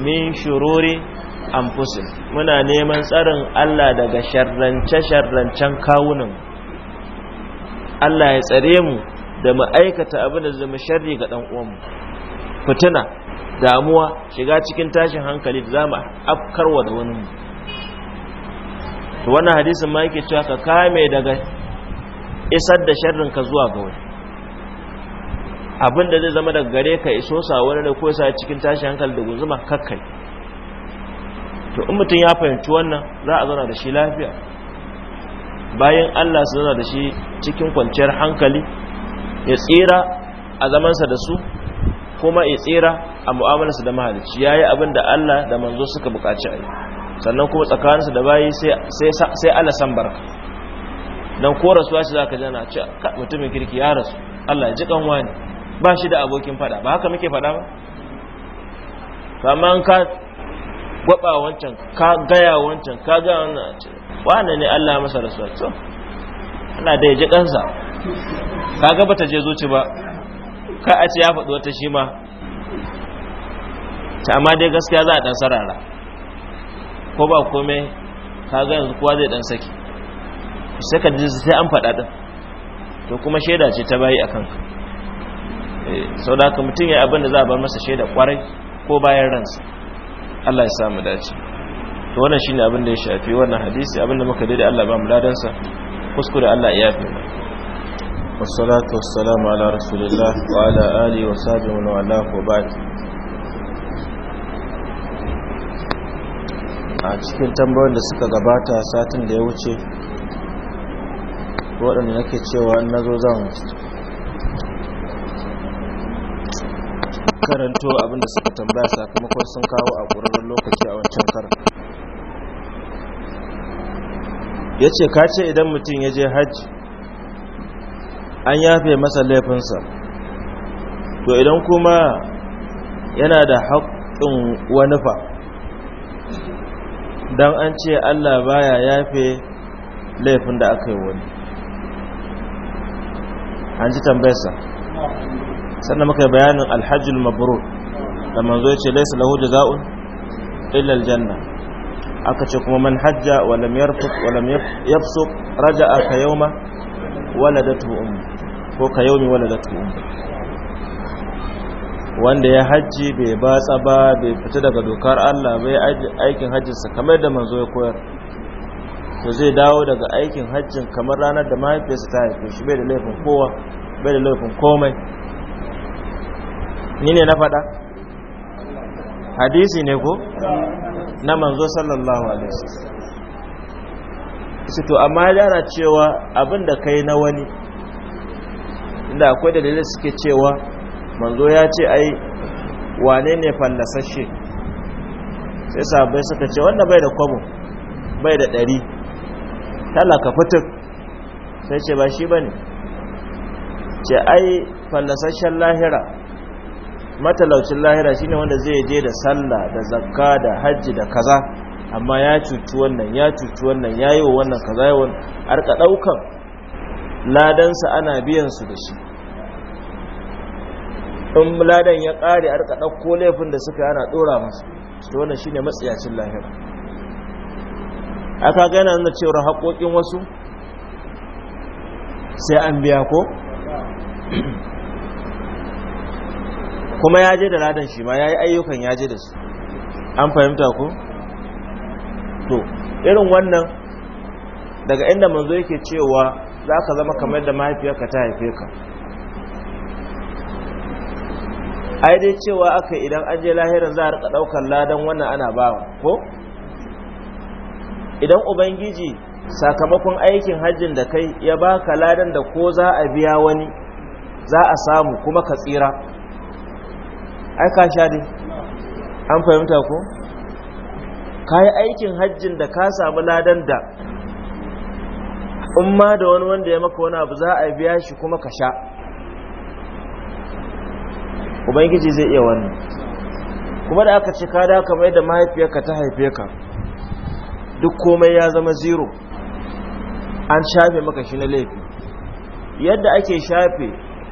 min shururi anfusin muna neman tsarin Allah daga sharrance-sharrancen kawunan Allah ya tsare mu da mu aikata abin da zama sharri ga ɗan uwanmu fitina damuwa shiga cikin tashin hankali da zama afkarwa da wani mu wannan hadisin ma yake cewa ka kame daga isar da sharrin ka zuwa ga wani abin da zai zama daga gare ka iso sa wani da ko sa cikin tashin hankali da guzuma kakkai to in mutum ya fahimci wannan za a zana da shi lafiya bayan Allah su zana da shi cikin kwanciyar hankali ya tsira a zamansa da su kuma ya tsira a mu'amalarsa da mahalicci ya yi abin da Allah da manzo suka bukaci a yi sannan kuma tsakaninsa da bayi sai Allah san barka don ko rasuwa shi za ka jana ce mutumin kirki ya rasu Allah ji kanwa ne ba shi da abokin fada ba haka muke fada ba amma gwaba wancan ka gaya wancan ka gaya wannan a ce wane ne Allah masa rasuwa to ana da yaje kansa ka ga bata je zuci ba ka a ce ya faɗi wata shi ma ta amma dai gaskiya za a ɗan sarara ko ba komai ka ga yanzu kowa zai ɗan saki sai ka ji sai an faɗa din to kuma shaida ce ta bayi a kanka eh, sau da ka mutum ya abin da za a bar masa shaida kwarai ko bayan ransa Allah ya samu dace to wannan shine abin da ya shafi wannan hadisi abin da muka dade Allah ba mu ladan sa kuskure Allah ya yafe mu wassalatu wassalamu ala rasulillah wa ala alihi wa sahbihi wa ala ko a cikin tambayoyin da suka gabata satin da ya wuce waɗanda nake cewa na zo zan karanto abinda suka tambaya sakamakon sun kawo a ƙwararren lokaci a wancan karan ya ce ka ce idan mutum ya je hajji an yafe masa laifinsa to idan kuma yana da haƙƙin wani fa don an ce allah baya yafe laifin da aka yi wani an ji tambayarsa sannan muka bayanin alhajjul mabrur da manzo ya ce laisa lahu jazaa'un illa aljanna aka ce kuma man hajja wa lam yarfuq wa lam yafsuq raja'a ka yawma waladatu um ko ka yawmi waladatu um wanda ya hajji bai batsa ba bai fita daga dokar Allah bai aikin hajjinsa kamar da manzo ya koyar to zai dawo daga aikin hajjin kamar ranar da mahaifiyarsa ta haife shi bai da laifin kowa bai da laifin komai ni ne na faɗa hadisi ne ko na manzo sallallahu alaihi wasallam to amma yana cewa abinda kai na wani inda akwai dalilai suke cewa manzo ya ce ai wane ne fallasashe sai sabai suka ce wanda bai da kwabo bai da ɗari talaka fituk sai ce ba shi ba ce ai fallasashen lahira matalaucin lahira shine wanda zai je da sallah da zakka da hajji da kaza amma ya cuci wannan ya cuci wannan ya yi wa wannan kaza yawan arka ɗaukan ladansa ana biyan su da shi in ladan ya ƙare arka ɗauko laifin da suka ana ɗora masu to wannan shine matsiyacin lahira aka gana nuna cewar haƙoƙin wasu sai an biya ko kuma ya je da ladan shi ma ya yi ayyukan ya je da su an fahimta ku? to irin wannan daga inda manzo yake cewa za ka zama kamar da mahaifiyarka ta haife ka ai dai cewa aka idan an je lahirin za a rika daukar ladan wannan ana bawa ko idan ubangiji sakamakon aikin hajjin da kai ya baka ladan da ko za a biya wani za a samu kuma ka tsira ai ka sha dai an fahimta ko ka yi aikin hajjin da ka samu ladan da umma da wani wanda ya maka wani abu za a biya shi kuma ka sha ubangiji zai iya wannan kuma da aka ce ka da kamar yadda mahaifiyarka ta haife ka duk komai ya zama zero an shafe maka shi na laifi yadda ake shafe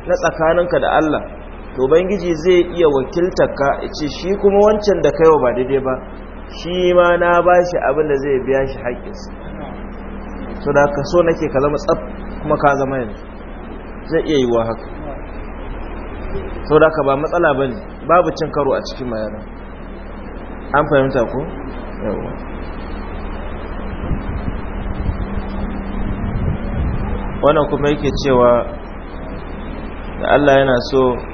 na tsakaninka da Allah to bangiji zai iya wakiltarka ya ce shi kuma wancan da kaiwa ba daidai ba shi ma na ba shi abinda zai biya shi haƙƙinsa so da ka so nake ka zama tsab kuma ka zama yanzu zai iya yiwuwa haka so da ka ba matsala ba ne babu cin karo a cikin mayara an fahimta ku? yawon wannan kuma yake cewa da Allah yana so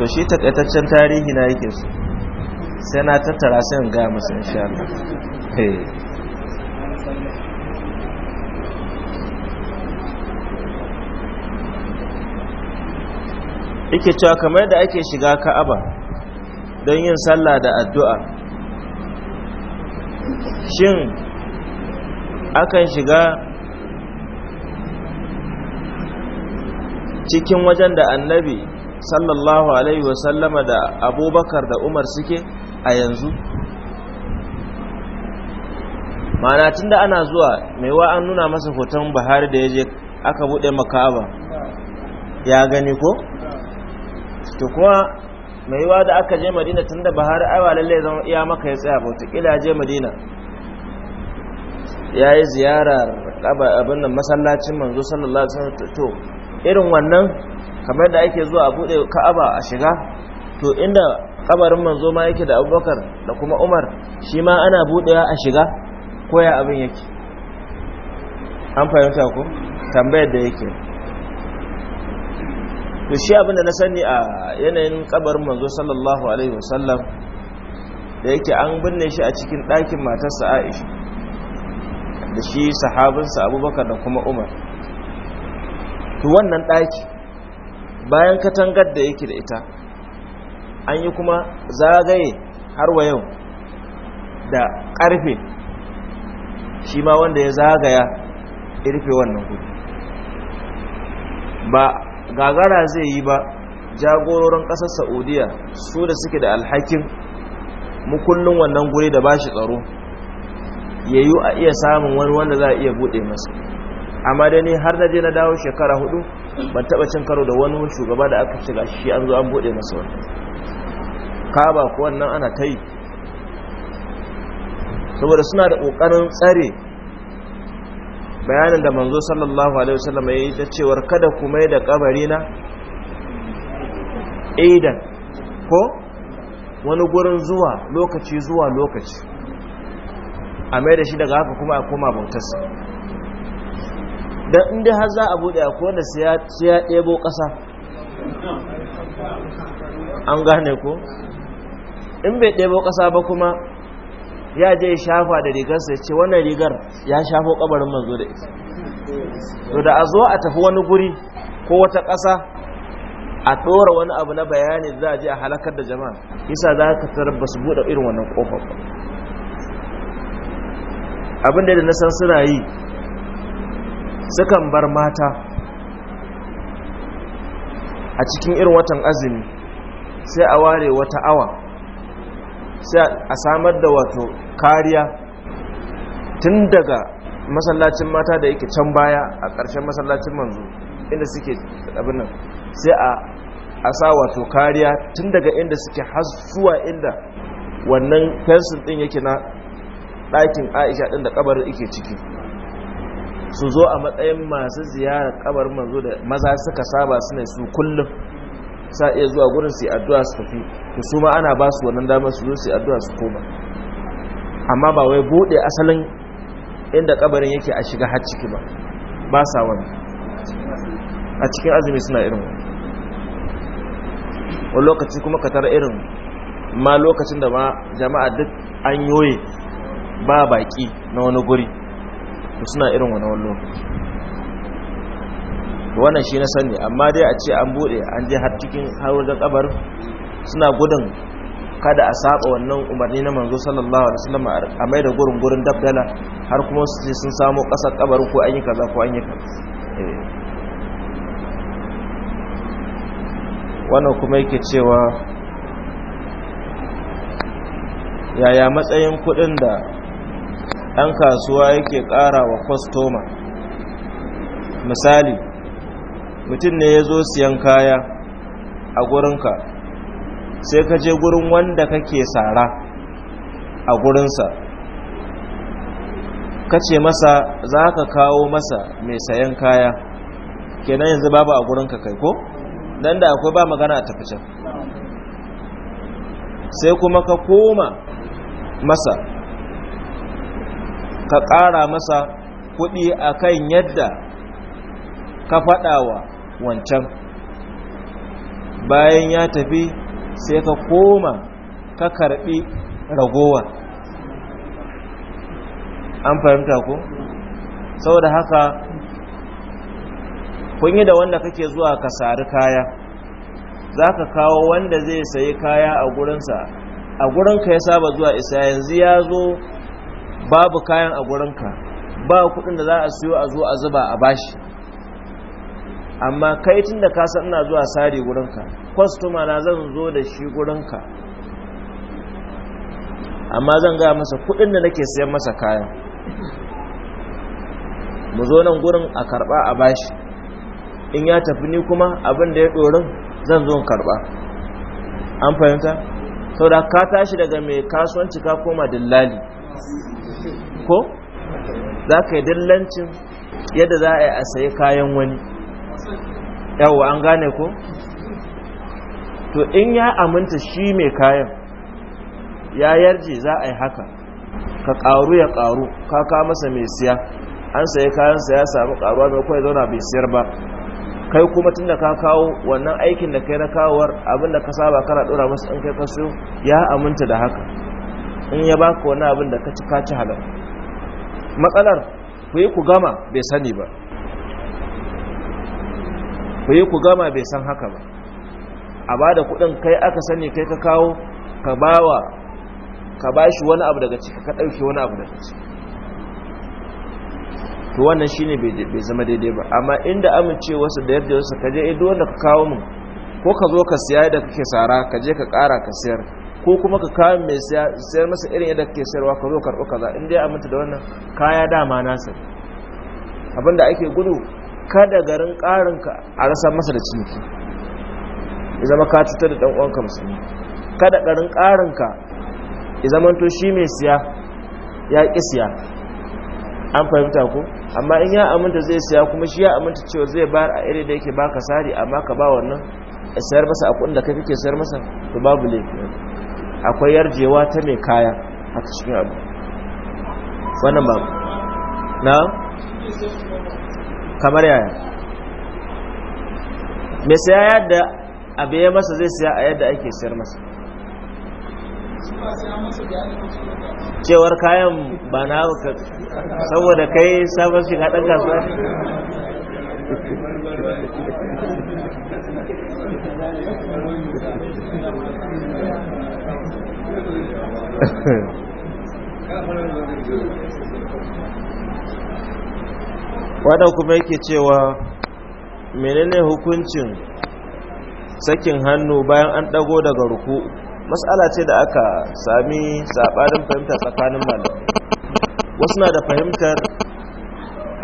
to shi takaitaccen tarihi na yake su sai na tattara sai in ga musu insha Allah eh. yake cewa kamar da ake shiga ka'aba don yin sallah da addu'a shin akan shiga cikin wajen da annabi sallallahu alaihi wasallama da abubakar da umar suke a yanzu mana tun da ana zuwa mai wa an nuna masa hoton buhari da ya je aka buɗe makaba ya gani ko? to kuma mai wa da aka je madina tun da buhari aiwa lalle zama iya maka ya tsaya bautakila je madina ya yi ziyarar abinnan masallacin manzo sallallahu alaihi wasallam to irin wannan kamar da ake zuwa a bude ka'aba a shiga to inda kabarin manzo ma yake da abubakar da kuma umar shi ma ana budewa a shiga koya abin yake an fahimta ku tambayar da yake to shi abin da na sani a yanayin kabarin manzo sallallahu alaihi wasallam da yake an binne shi a cikin ɗakin matarsa aisha da shi sahabinsa abubakar da kuma umar to wannan ɗaki bayan katangar da yake da ita an yi kuma zagaye har wa yau da ƙarfe shi ma wanda ya zagaya irfe wannan guri ba gagara zai yi ba jagororin ƙasar saudiya su da suke da alhakin mukullin wannan guri da ba shi tsaro yayu a iya samun wani wanda za a iya buɗe masu. amma dai ne har na je na dawo shekara hudu ban taba cin karo da wani shugaba da aka shiga shi an zo an bude masa wani kaba ko wannan ana ta yi saboda suna da kokarin tsare bayanin da manzo sallallahu alaihi wasallam ya yi ta cewar kada ku mai da kabari na aidan ko wani gurin zuwa lokaci zuwa lokaci a mai da shi daga haka kuma a koma bautarsa don inda har za a buɗe a wanda su ya ɗebo ƙasa an gane ko in bai ɗebo ƙasa ba kuma ya je shafa da rigarsa ce wannan rigar ya shafo ƙabarin manzo da ita to da a zo a tafi wani guri ko wata ƙasa a ɗora wani abu na bayani za a je a halakar da jama'a isa za ka tarar ba su buɗe irin wannan ƙofar ba abin da na san suna yi sukan bar mata a cikin irin watan azumi sai a ware wata awa sai a samar da wato kariya tun daga masallacin mata da yake can baya a ƙarshen masallacin manzo inda suke abinan nan sai a sa wato kariya tun daga inda suke hasuwa inda wannan fensin din yake na ɗakin aisha ɗin da ƙabarin yake ciki su zo a matsayin masu ziyarar kabar manzo da maza suka saba suna su kullum sa iya zuwa gurin su addu'a su tafi to su ma ana ba su wannan damar su zo su addu'a su koma amma ba wai bude asalin inda kabarin yake a shiga har ciki ba ba sa wani a cikin azumi suna irin wani lokaci kuma ka tara irin ma lokacin da ma jama'a duk an yoye ba baki na wani guri ku suna irin wani wani wannan shi na sani amma dai a ce an bude an je har cikin har da kabar suna gudun kada a saba wannan umarni na manzo sallallahu alaihi wasallam a mai da gurin gurin dabdala har kuma su ce sun samu kasar kabarin ko an yi kaza ko an yi kaza eh. wannan kuma yake cewa yaya matsayin kudin da ɗan kasuwa yake ƙara wa kwastoma misali mutum ne ya zo siyan kaya a gurinka sai ka je gurin wanda kake tsara a gurinsa ka ce masa za ka kawo masa mai sayan kaya kenan yanzu babu a gurinka kai ko don da akwai ba magana a tafi sai kuma ka koma masa ka ƙara masa kuɗi a kan yadda ka faɗawa wancan bayan ya tafi sai ka koma ka karɓi ragowa an fahimta ku. Sau da haka kun yi da wanda kake zuwa ka sari kaya za ka kawo wanda zai sayi kaya a gurinsa a gurinka ya saba zuwa isa yanzu ya zo babu kayan a gurinka ba kudin da za a siyo a zo a zuba a bashi amma kai tun da ka san ina zuwa sare gurinka kwastoma na zan zo da shi gurinka amma zan gaya masa kudin da nake sayan masa kayan mu zo nan gurin a karba a bashi in ya tafi ni kuma abin da ya dorin zan zo karba an fahimta saboda ka tashi daga mai kasuwanci ka koma dillali ko za ka yi dillancin yadda za a yi a sayi kayan wani yawo an gane ko to in ya aminta shi mai kayan ya yarje za a yi haka ka ƙaru ya ƙaru, ka masa mai siya an sayi kayansa ya samu ƙaruwa mai kawai zauna bai siyar ba kai kuma da ka kawo wannan aikin da kai na kawowar abinda ka saba kana dora masu in kai kaso ya aminta da haka in ya baka wani abin da ka ci ka ci matsalar ku yi ku gama bai sani ba ku yi ku gama bai san haka ba a ba da kudin kai aka sani kai ka kawo ka bawa ka bashi wani abu daga ciki ka ɗauki wani abu daga ciki to wannan shine bai zama daidai ba amma inda amincewarsa da yadda wasu kaje eh wanda ka kawo mu ko ka zo ka siya da kake sara ka je ka ƙara ka siyar ko kuma ka kawo mai siya siyar masa irin yadda kake siyarwa ka zo karɓo kaza in dai aminta da wannan kaya dama nasa abinda ake gudu kada garin ka a rasa masa da ciniki ya zama ka cutar da ɗan uwanka musulmi kada garin ka ya zama to shi mai siya ya ƙi siya an fahimta ku amma in ya aminta zai siya kuma shi ya aminta cewa zai bayar a iri da yake baka sari amma ka ba wannan sayar masa a kudin da ka kake sayar masa to babu laifi akwai yarjewa ta mai kaya a cikin abu wannan babu na kamar yaya mai saya yadda abu ya masa zai siya a yadda ake sayar masa cewar kayan ba na ka saboda kai sabon shiga ɗan kasuwa wadda kuma yake cewa menene hukuncin sakin hannu bayan an ɗago daga ruku mas'ala ce da aka sami sabarin fahimta tsakanin malamai wasu na da fahimtar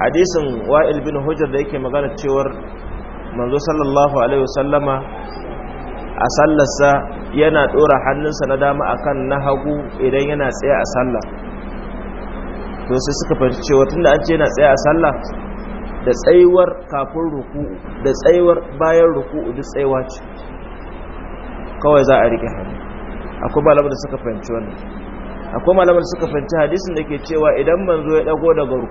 hadisin wa'il bin hujjar da yake magana cewar manzo sallallahu alaihi wasallama a sallarsa yana dora hannunsa na dama akan na hagu idan yana tsaye a sallah to sai suka fahimci cewa tunda an ce yana tsaye a sallah da tsayuwar kafin ruku da tsayuwar bayan ruku duk tsayuwa ce kawai za a rike hannu akwai malamar da suka fahimci wannan akwai malamar da suka fahimci hadisin da ke cewa idan manzo ya dago daga ya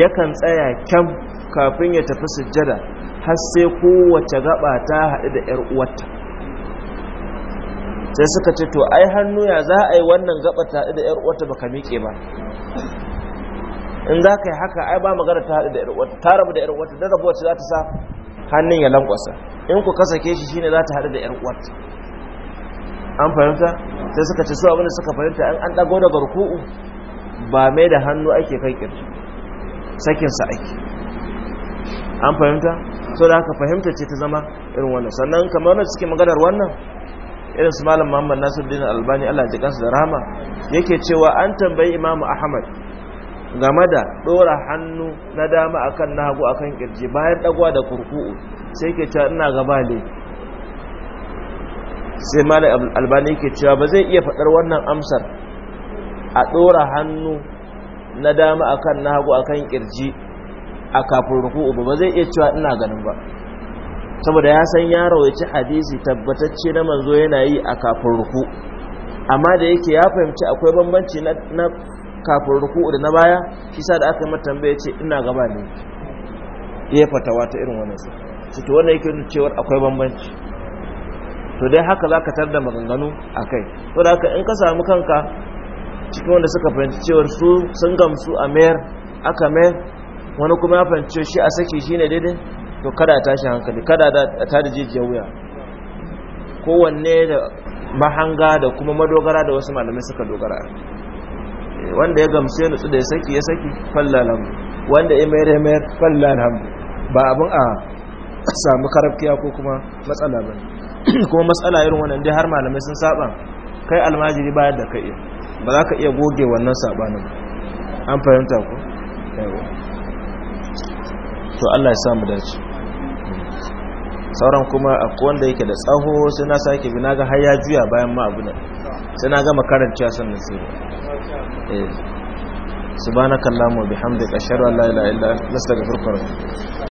yakan tsaya kyam kafin ya tafi sujjada har sai kowace gaba ta haɗu da ƴar uwarta sai suka ce to ai hannu ya za a yi wannan gaba ta haɗu da ƴar uwarta baka miƙe ba in za ka yi haka ai ba magana ta haɗu da ƴar uwarta ta rabu da ƴar uwarta da rabuwar za ta sa hannun ya lankwasa in ku kasa ke shi shine za ta haɗu da ƴar uwarta an fahimta sai suka ce su abin da suka fahimta an dago daga ruku'u ba mai da hannu ake kan kirji sakinsa ake an fahimta so da haka fahimta ce ta zama irin wannan sannan kamar wanda suke maganar wannan irin su malam muhammad nasiruddin albani allah ji kansa da rahama yake cewa an tambayi imamu ahmad game da dora hannu na dama akan nagu akan kirji bayan dagwa da kurku'u sai ke cewa ina gaba ne sai malam albani ke cewa ba zai iya faɗar wannan amsar a ɗora hannu na dama a kan nahagu a kan kirji a kafin ruku'u ba zai iya cewa ina ganin ba saboda ya san ya rawaici hadisi tabbatacce na manzo yana yi a kafin ruku amma da yake ya fahimci akwai bambanci na kafin ruku da na baya shi sa da aka mata tambaya ce ina gaba ne ya fatawa ta irin wannan su to wannan yake nuna cewa akwai bambanci to dai haka za ka tarda maganganu a kai to da haka in ka samu kanka cikin wanda suka fahimci cewar su sun gamsu a mayar aka mayar wani kuma ya fahimci shi a saki shi ne daidai to kada tashi hankali kada da ta da jijiyar wuya kowanne da mahanga da kuma madogara da wasu malamai suka dogara eh, wanda ya gamsu ya nutsu da ya saki ya saki fallalan wanda ya mayar ya mayar fallalan ba abin a samu karafkiya ko kuma matsala ba ne kuma matsala irin wannan dai har malamai sun saba kai almajiri bayar da kai ba za ka iya goge wannan sabanin an fahimta ku to Allah ya samu dace sauran kuma akwai wanda yake da tsaho sai na sake bi naga har ya juya bayan ma abu ne sai na gama karanta sannan sai eh subhanakallahumma bihamdika ashhadu an la ilaha illa anta astaghfiruka wa atubu